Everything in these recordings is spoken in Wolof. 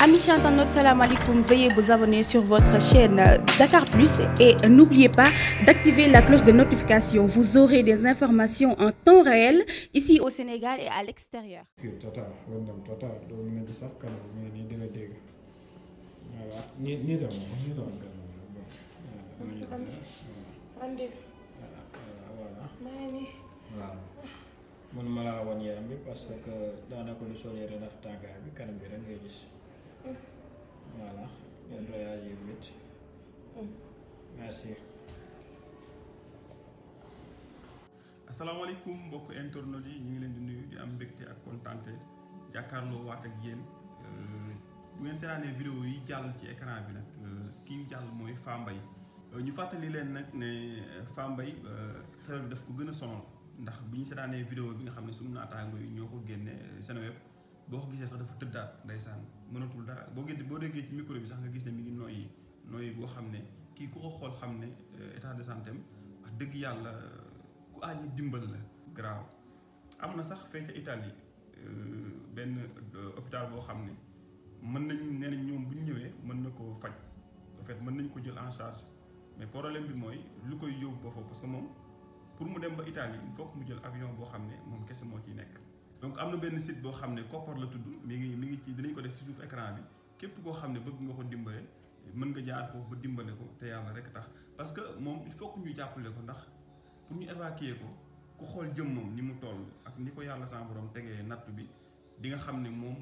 Amis internautes, salam alaikum. Veuillez vous abonner sur votre chaîne Dakar Plus et n'oubliez pas d'activer la cloche de notification. Vous aurez des informations en temps réel ici au Sénégal et à l'extérieur. man ma laa woon yaram bi parce que daanaka lu solee rek ndax tàngaay bi kanam bi rek ngay gis voilà ngeen voyage yu métti merci asalaamaaleykum mbokk internet yi ñu ngi leen di nuyu di am mbégte ak kontante jàkkaarloo waat ak yéen euh, bu ngeen seetaanee vidéo yi jàll ci écran bi nag euh, ki jàll mooy Fambaye euh, ñu fàttali leen nag ne Fambaye feebar bi daf ko gën a sonal ndax bu ñu seetaanee vidéo bi nga xam ne suñu naataango yi ñoo ko génne Seneweb boo ko gisee sax dafa tëddaat ndeysaan mënatul dara boo gën boo déggee ci micro bi sax nga gis ne mi ngi nooyi nooyi boo xam ne kii ku ko xool xam ne euh, état de santé am wax dëgg yàlla euh, ku aaji dimbal la. garaaw am na sax fee ca Italie euh, benn hôpital boo xam ne mën nañu nee ñoom bu ñu ñëwee mën na koo faj en fait mën nañ ko jël en charge mais problème bi mooy lu koy yóbbu ba foofu parce que moom pour mu dem ba Italie il faut mu jël avion boo xam ne moom kese moo ciy nekk. donc am na benn sit boo xam ne koppar la tudd mi ngi mi ngi ci dinañ ko def ci suuf écran bi képp koo xam ne bëgg nga ko dimbale mën nga jaar foofu ba dimbale ko te yàlla rek tax parce que moom il faut que ndax pour ñu évacuer ko ku xool jëmmam ni mu toll ak ni ko yàlla sama borom tegee natt bi di nga xam ne moom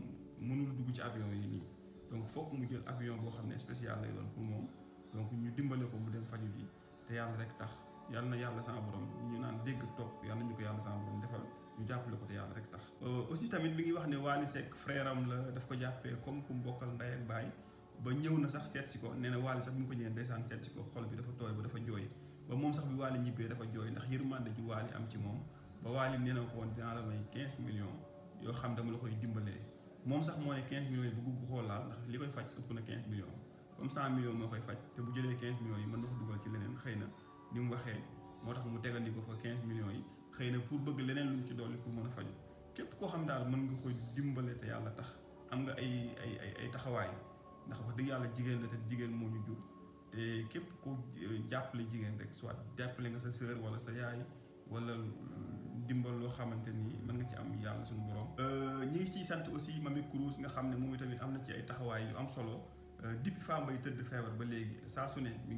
mënul dugg ci avion yi nii donc foog mu jël avion boo xam ne spécial lay doon pour moom donc ñu dimbale ko mu dem faju bi te yàlla rek tax yàlla na yàlla sama borom ñu naan dégg topp yàlla ñu ko yàlla sama borom defal ñu jàppale ko te yàlla rek tax. Euh, aussi tamit mi ngi wax ne Wally Seck frère am la daf ko jàppee comme ku mbokkal ndey ak baay ba ñëw na sax seet si ko nee na Wally sax bi mu ko ñëwee ndeysaan seet si ko xol bi dafa tooy ba dafa jooy ba moom sax bi Wally ñibbee dafa jooy ndax yërmande ju Wally am ci moom ba Wally nee woon dinaa la may 15 millions yoo xam dama la koy dimbalee moom sax moo ne 15 millions yi bëgg ko xoolaal ndax li koy faj ëpp na 15 millions comme 100 koy faj te bu jëlee 15 millions yi mën na ko ci leneen xëy na ni mu waxee moo tax mu tegal ni ko fa 15 yi xëy na pour bëgg leneen ñu ci dolli pour mën a faju képp koo xam daal mën nga koo dimbale te yàlla tax am nga ay ay ay ay taxawaay ndax wax dëgg yàlla jigéen la te jigéen moo ñu jur te képp ko eh, jàppale jigéen rek soit jàppale nga sa sœur wala sa yaay wala dimbal loo xamante ni mën nga ci am yàlla suñu borom. Euh, ñi ngi ciy sant aussi Mamy Cruz nga xam ne moom tamit am na ci ay taxawaay yu am solo euh, depuis femme yu tëdd feebar ba léegi saa su ne mi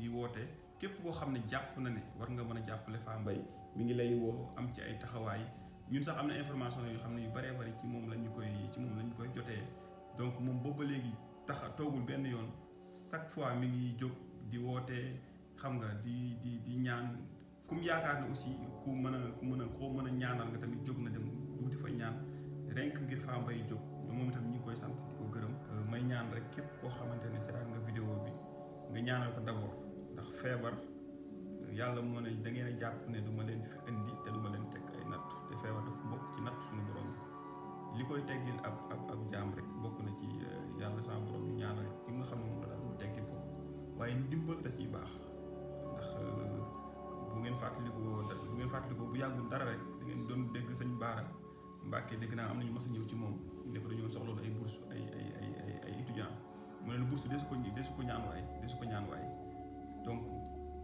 képp koo xam ne jàpp na ne war nga mën a jàppale Fa mbay mi ngi lay woo am ci ay taxawaay ñun sax am na information yoo xam ne yu baree bari ci moom la ñu koy ci moom la koy jotee donc moom boobu ba léegi tax toogul benn yoon chaque fois mi ngi jóg di wootee xam nga di di di ñaan kum yaakaar ne aussi ku mën a ku mën a koo mën a ñaanal nga tamit jóg na dem wuti fa ñaan renk ngir Fa Mbaye jóg moom itam ñu ngi koy sant di ko gërëm euh, may ñaan rek képp koo xamante ne seetaan nga vidéo bi nga ñaanal ko d'abord feebar yàlla moo ne dangeen ngeen jàpp ne du leen fi indi te du ma leen teg ay natt te feebar dafa bokk ci natt suñu borom li koy teggil ab ab ab jaam rek bokk na ci eh, yàlla sama borom ñu ñaanal ki nga xam ne moom la daal mu teggil ko waaye ndimbal da ciy baax ndax eh, bu ngeen fàttalikoo bu ngeen fàttalikoo bu yàggul dara rek da ngeen doon dégg sëñ Baara Mbàkke dégg naa am nañu mas a ñëw ci moom ne ko dañoo ay bourse ay ay ay ay étudiant mu ne bourse desu ko desu ko ñaan waay desu ko ñaan waay donc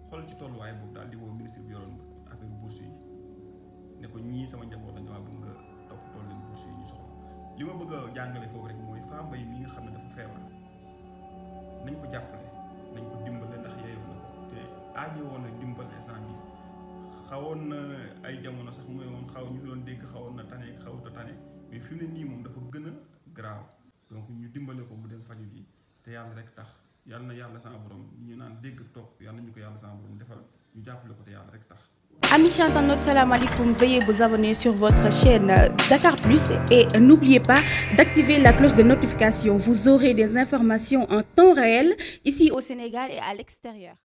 xool ci tolluwaay boobu daal di woo ministre bi yoroon affaire bourse yi ne ko ñii sama njaboot lañu waa bëgg nga topp tool leen bourse yi ñu soxla li ma bëgg a jàngale foofu rek mooy Fa Mbaye mi nga xam ne dafa feebar nañ ko jàppale nañ ko dimbale ndax yeyoon na ko te aajo woon na dimbal instant bi xawoon na ay jamono sax mu ne woon xaw ñu doon dégg xawoon na tane xawut a tane mais fi ne nii moom dafa gën a graaw donc ñu dimbale ko mu dem faju ji te yàlla na yàlla sama ñu naan dégg topp yàlla ñu ko yàlla sama borom defal ñu jàppale ko te yàlla rek tax. Amis chantants, salam alaikum. Veuillez vous abonner sur votre chaîne euh, Dakar Plus et euh, n'oubliez pas d'activer la cloche de notification. Vous aurez des informations en temps réel ici au Sénégal et à l'extérieur.